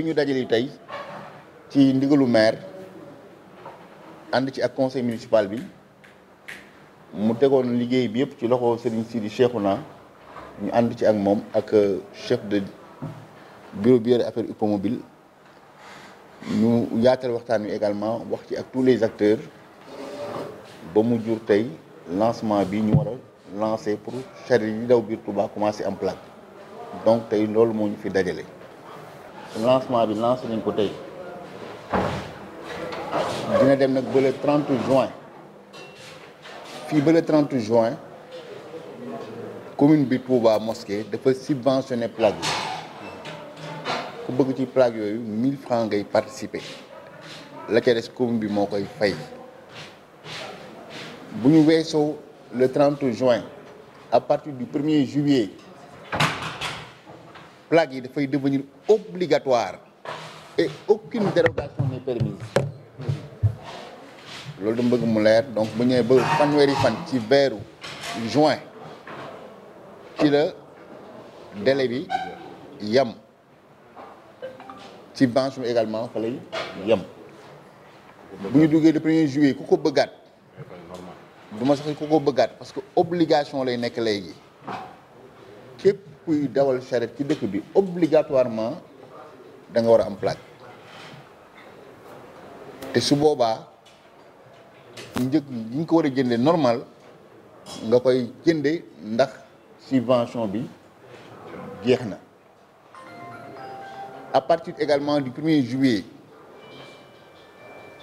bi ñu dajale tey ci ndigalu maire ànd ci ak conseil municipal bi mu tegoon liggéey bi yëpp ci loxo Serigne Sidi na ñu ànd ci ak moom ak euh, chef de bureau bi yore affaire hippomobile ñu yaatal waxtaan wi également wax ci ak tous les acteurs ba mu jur tey lancement bi ñu war a pour charrette yi daw biir Touba commencé am plaque donc tey loolu moo ñu fi dajale. lancement bi lancé nañ ko tey dina dem nag ba le 30 juin fii ba le 30 juin commune bi Touba mosquée dafa subventionné plaque yi ku bëgg ci plaque yooyu mille francs ngay participer la ca des commune bi moo koy fay bu ñu weesoo le 30 juin à partir du 1 juillet plaque yi dafay devenir obligatoire et aucune dérogation n'est permise loolu dama bëgg mu leer donc bu ñëwee ba fanweeri fan ci weeru juin ci la délai bi yam ci banche bi également fa lay yem bu ñu duggee le premier juillet ku ko bëggaat du ma sax ku ko bëggaat parce que obligation lay nekk léegi képp kuy dawal charrette ci dëkk bi obligatoirement da nga war a am plaque te su boobaa njëg yi nga ko war a jëndee normal nga koy jëndee ndax subvention bi jeex na à partir également du 1 juillet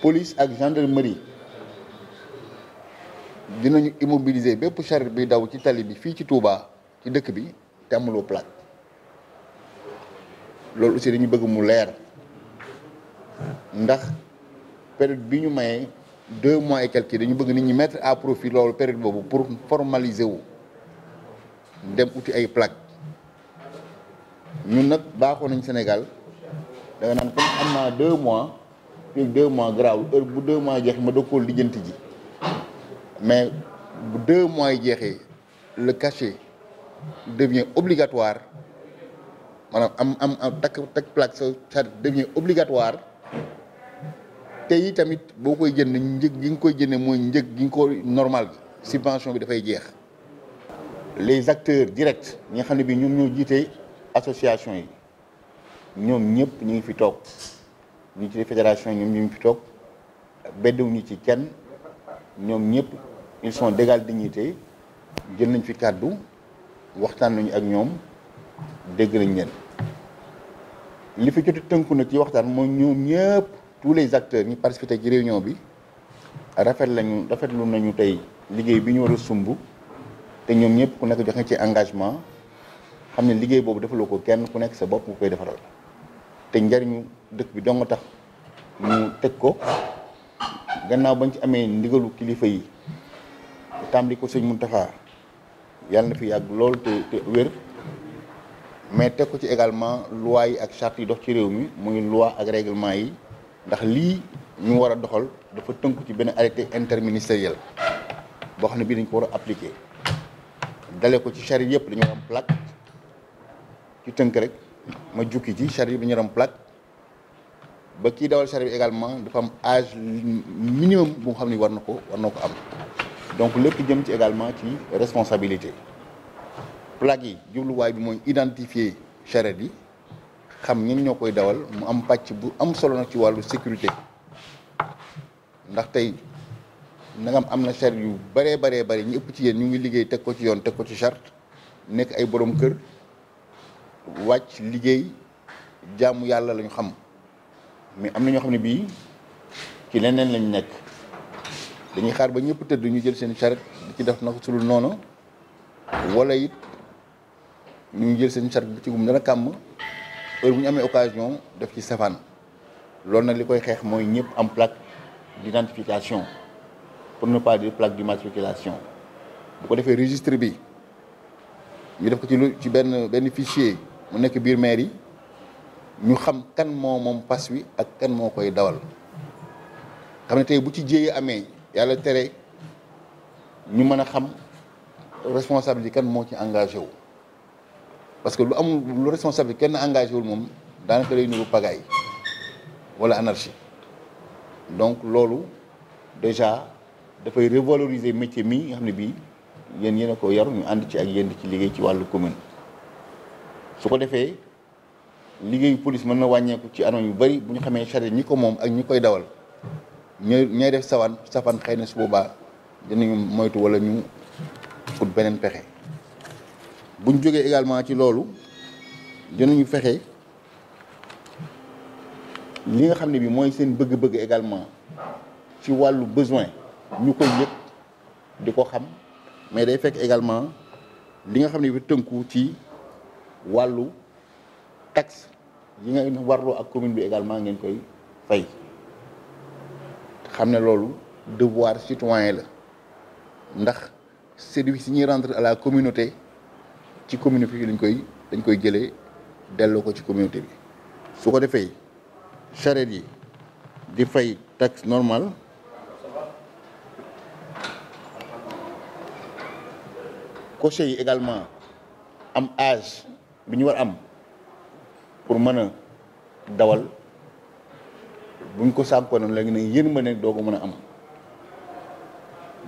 police ak gendarmerie dinañu immobiliser bépp charrette bi daw ci tali bi fii ci Touba ci dëkk bi te amuloo loolu aussi dañu bëgg mu leer ndax période bi ñu mayee deux mois et quelques dañu bëgg nit ñi mettre à profit loolu période boobu pour formaliser wu dem uti ay plaque ñun nag baaxoo nañ Sénégal da nga naan comme am naa deux mois fii deux mois grave bu deux mois jeexee ma doog koo lijjanti ji mais bu deux mois jeexee le cachet. devient obligatoire maanaam am am takk takk plaque sa ça devient obligatoire te yi tamit boo koy jënd njëg gi nga koy jëndee mooy njëg gi nga ko normal subvention bi dafay jeex les acteurs directs ñi ne bi ñoom ñoo jiite association yi ñoom ñëpp ñu ngi fi toog ñu ci fédération ñoom ñu ngi fi toog beddewu ñu ci kenn ñoom ñëpp ils sont d'égale dignité jël nañ fi kàddu waxtaan nañu ak ñoom dégg nañ leen li fi jot tënku nag ci waxtaan mooy ñoom ñëpp tous les acteurs ñi participé ci réunion bi rafet lañu rafetlu nañu tey liggéey bi ñu war sumb te ñoom ñëpp ku nekk joxe ci engagement xam ne liggéey boobu defaloo ko kenn ku nekk sa bopp nga koy defaral te njariñu dëkk bi dong tax ñu teg ko gannaaw bañ ci amee ndigalu kilifa yi tàmbali ko sëñ Moustapha yàlla na fi yàgg lool te wér mais teg ko ci également loi yi ak charte yi dox ci réew mi muy loi ak règlement yi ndax lii ñu war a doxal dafa tënk ci benn arrêté interministériel boo xam ne bii dañ ko war a appliquer dale ko ci charrette yëpp dañu war am plaque ci tënk rek ma jukki ci charrette bi dañu war am plaque ba kii dawal charrette bi également dafa am âge minimum bu nga xam ne war na ko war na ko am donc lépp jëm ci également ci responsabilité plaque yi jubluwaay bi mooy identifier charrette yi xam ñan ñoo koy dawal mu am pàcc bu am solo nag ci wàllu sécurité ndax tey nangam am na charrette yu bëree baree bëri ñu ëpp ci yéen ñu ngi liggéey teg ko ci yoon teg ko ci charte nekk ay borom kër wàcc liggéey jaamu yàlla lañu xam mais am na ñoo xam ne bii ci leneen lañu nekk dañuy xaar ba ñëpp tëdd ñu jël seen charrette di ci def naka sulul noonu walla it ñu jël seen charrette bi ci gum dana kàmm heure bu ñu amee occasion def ci safaan loolu nag li koy xeex mooy ñëpp am plaque d'identification pour ne pas dire plaque bu ko defee régistre bi ñu def ko ci lu ci benn benn fichier mu nekk biir maire yi ñu xam kan moo moom pass wi ak kan moo koy dawal xam ne tey bu ci jéeye amee yàlla tere ñu mën a xam responsabilité kan moo ci engagé wu parce que lu amul lu responsabilité kenn engagé wul moom daanaka lay nuru pagaille wala anarchie donc loolu déjà dafay revaloriser métier mii nga xam ne bii yéen yéen ko yaru ñu ànd ci ak yéen ci liggéey ci wàllu commune su ko defee liggéeyu police mën na wàññeeku ci anoon yu bari bu ñu xamee charette ñi ko moom ak ñi koy dawal ñooy ñooy def sawan safan xëy na su boobaa dinañu moytu wala ñu ut beneen pexe buñ jógee également ci loolu dinañu fexe li nga xam ne bi mooy seen bëgg-bëgg également ci wàllu besoin ñu koy yëg di ko xam mais day fekk également li nga xam ne bi tënku ci wàllu taxe yi nga warloo ak commune bi également ngeen koy fay xam ne loolu devoir citoyen la ndax service yi ñuy rentre à la communauté ci communauté bi lañ koy dañ koy jëlee delloo ko ci communauté bi su ko defee charrette yi di fay taxe normal cocher yi également am age bi ñu war am pour mën a dawal bu buñ ko sàkkoo noonu léegi nag yërmande doo ko mën a am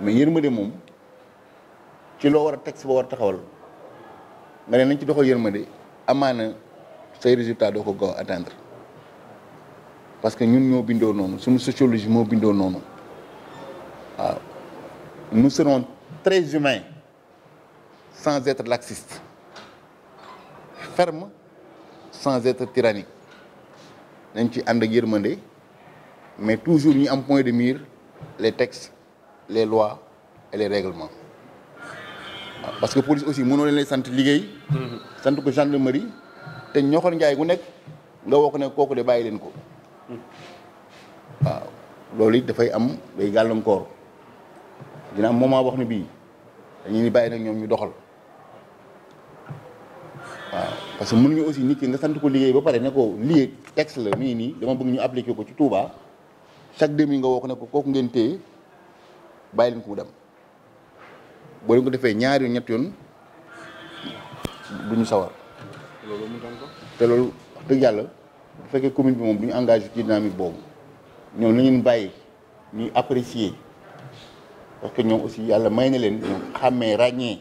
mais yërmande moom ci loo war a teg si ba war taxawal nga ne nañ ci doxal yërmande amaana say résultat doo ko gaaw atteindre parce que ñun ñoo bindoo noonu suñu sociologie moo bindoo noonu waaw nous serons très humains sans être laxistes fermes sans être tyranniques nañ ci ànd ak yërmande mais toujours ñu am point de mire les textes les lois et les règlements waaw parce que police aussi mënoo leen sant liggéey. Mm-hmm. sant ko gendarmerie te ñoxor njaay ku nekk nga woo ko ne kooku de bàyyi leen ko. Mm-hmm. waaw loolu it dafay am day gàllankoor dina am moment wax ne bii dañuy ni bàyyi nag ñoom ñu doxal waaw parce que mënuñu aussi nit ki nga sant ko liggéey ba pare ne ko lii texte la nii nii dama bëgg ñu appliquer ko ci Touba. chaque demi nga woo ko ne ko kooku ngeen téye bàyyi leen ko mu dem boo leen ko defee ñaari ñetti yoon du ñu sawar. loolu te loolu dëgg yàlla bu fekkee commune bi moom ñu engagé ci boobu ñoom nañu leen bàyyi ñuy apprécier parce que ñoom aussi yàlla may na leen ñu xàmmee ràññee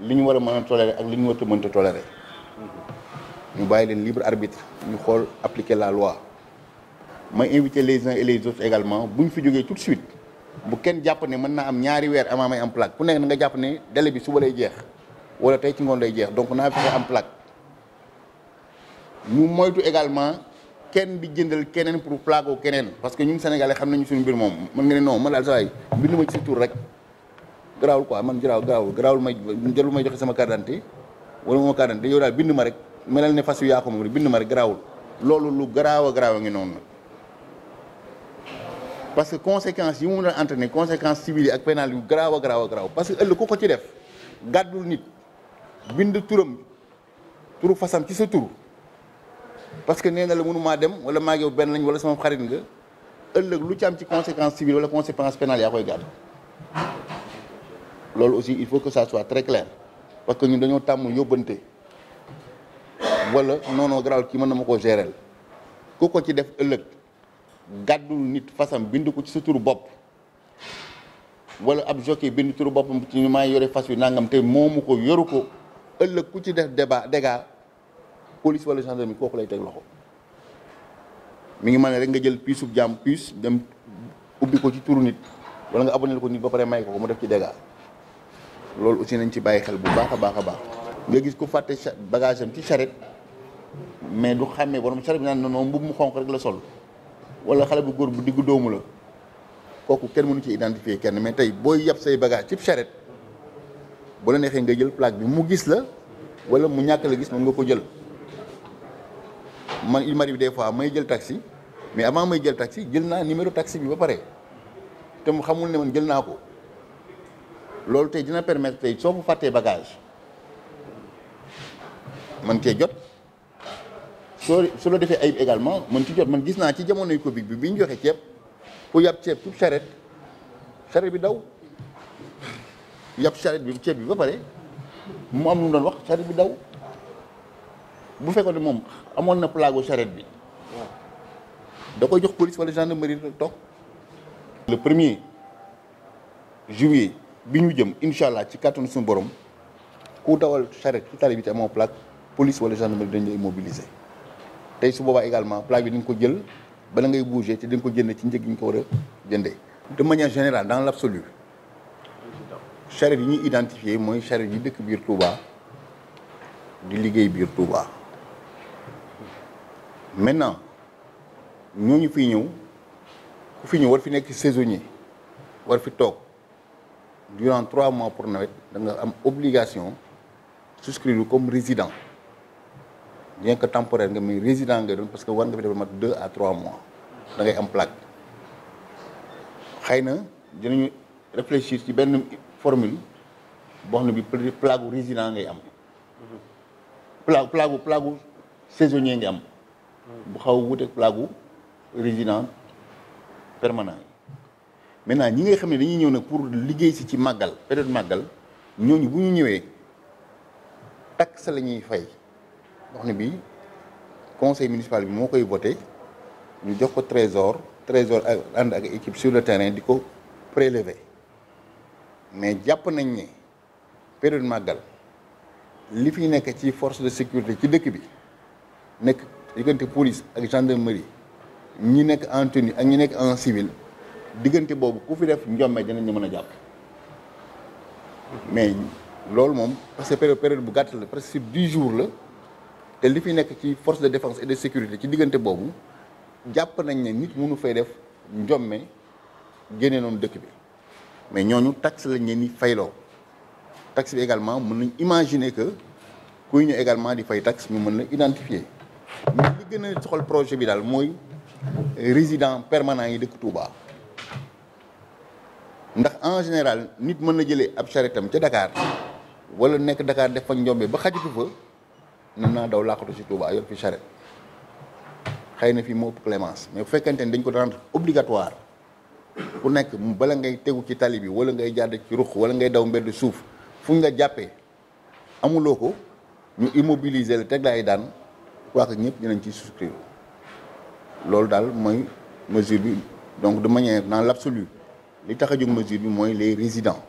li ñu war a mën a toléré ak li ñu war a mënta toléré mhm. ñu bàyyi leen libre arbitre ñu xool appliquer la loi. may invité les uns et les autres également bu ñu fi jógee tout de suite bu kenn jàpp ne mën naa am ñaari weer avant may am plaque ku nekk na nga jàpp ni délai bi suba lay jeex wala tey ci ngoon lay jeex donc naa fexe am plaque ñu moytu également kenn di jëndal keneen pour plaquer keneen parce que ñun sénégalais xam nañu suñu mbir moom mën nga ne non man daal saa waay bind ma ci sa tur rek garaawul quoi man garaaw garaawul garaawul may jarul joxe sama carte d'identité wala moom carte d'identité yow daal ma rek melal ne fas yu moom bind ma rek garaawul loolu lu garaaw a garaaw a ngi noonu. parce que conséquences yi mu mën a entraîner conséquences civiles yi ak pénales yu garaaw a garaaw a garaaw parce ëllëg ku ko ci def gàddul nit bind turam turu fasam ci sa tur parce que nee na la mënu maa dem wala maa benn lañ wala sama xarit nga ëllëg lu ci am ci conséquence civile wala conséquence pénale yaa koy gàddu loolu aussi il faut que ça soit très clair parce que ñun dañoo tàmmul yóbbante wala non non garaaw kii mën na ma koo gérer ku ko ci def ëllëg. gàddul nit fasam bind ko ci sa turu bopp walla ab jockey bind turu boppam ci ñu maa yore fas yu nangam te moomu ko yoru ko ëllëg ku ci def débat dégat police wala gendarmerie kooku lay teg loxo mi ngi mën ne rek nga jël puce ub jàmm puce dem ubbi ko ci turu nit wala nga abu ne abonné ko nit ba pare may ko ko mu def ci dégat loolu aussi nañ ci bàyyi xel bu baax a baax a baax nga gis ku fàtte bagage am ci charrette mais du xàmmee borom charrette bi naan non non mu xonq rek la sol wala xale bu góor bu diggu dóomu la kooku kenn mënu ci identifier kenn mais tey booy yab say bagage cib charrette bu la neexee nga jël plaque bi mu gis la wala mu ñàkk la gis mën nga ko jël man il m'arrive des fois may jël taxi mais avant may jël taxi jël naa numéro taxi bi ba pare te mu xamul ne man jël naa ko loolu tey dina permettre tey soo ko fàttee bagage man cee jot. soo su la defee ayib également mën ci jot man gis naa ci jamonoy Covid bi bi ñu joxe ceeb ku yàpp ceeb tout charrette charrette bi daw yàpp charrette bi ceeb bi ba pare mu am lu mu doon wax charrette bi daw bu fekkoon ne moom amoon na plago charrette bi da koy jox police wala gendarmerie toog. le premier juillet bi ñu jëm incha allah ci kàttanu suñu borom ku dawal charrette ci tali bi te amoo plaque police wala gendarmerie dañ la immobiliser. tey su boobaa également plaque bi di nga ko jël bala ngay bouger te di nga ko jënd ci njëg yi ñu ko war a jëndee. de manière générale dans l' absolu charrette yi ñu identifié mooy charrette yi dëkk biir Touba di liggéey biir Touba maintenant ñooñu fiy ñëw ku fi ñëw war fi nekk saisonnier war fi toog durant trois mois pour nawet da am obligation souscrire comme résident. bien que temporaire nga muy résident ngay doon parce que war nga fi def mat deux à trois mois da ngay am plaque xëy na dinañu réfléchir ci benn formule boo xam bi plaque gu résident ngay am plaque plaque saison plaque gu am bu xaw a wuuteeg plaque gu résident permanent yi maintenant ñi ngay xam ne dañuy ñëw nag pour liggéey si ci màggal période màggal ñooñu bu ñu ñëwee taxe la ñuy fay wax bi conseil municipal bi moo koy voté ñu jox ko trésor trésor ak ànd ak équipe sur le terrain di ko prélever mais jàpp nañ ne période màggal li fi nekk ci force de sécurité ci dëkk bi nekk diggante police ak gendarmerie ñi nekk en tenue ak ñi nekk en civil diggante boobu ku fi def njombe dinañu mën a jàpp mais loolu moom parce que période période bu gàtt la presque sur dix jours la te li fi nekk ci force de défense et de sécurité ci diggante boobu jàpp nañ ne nit mënu fay def njomme génne noonu dëkk bi mais ñooñu taxe lañ leen di fayloo taxe bi également mun nañ imaginer que kuy ñu également di fay taxe ñu mën la identifier mais li gën a soxal projet bi daal mooy résident permanent yi dëkk Touba ndax en général nit mën na jëlee ab charrette am ca Dakar wala nekk Dakar def fa njombe ba xajatu fa mën naa daw làqatu si Touba yor fi charette xëy na fii moo ëpp clémence mais bu fekkente ni dañ ko rendre obligatoire ku nekk bala ngay tegu ci tali bi wala ngay jàdd ci ruq wala ngay daw mbedd suuf fu nga jàppe amuloo ko ñu immobiliser la teg laay daan quoi que ñëpp dinañ ci souscrire loolu daal mooy mesure bi donc de manière naa l' absolu li tax a jóg mesure bi mooy les résidents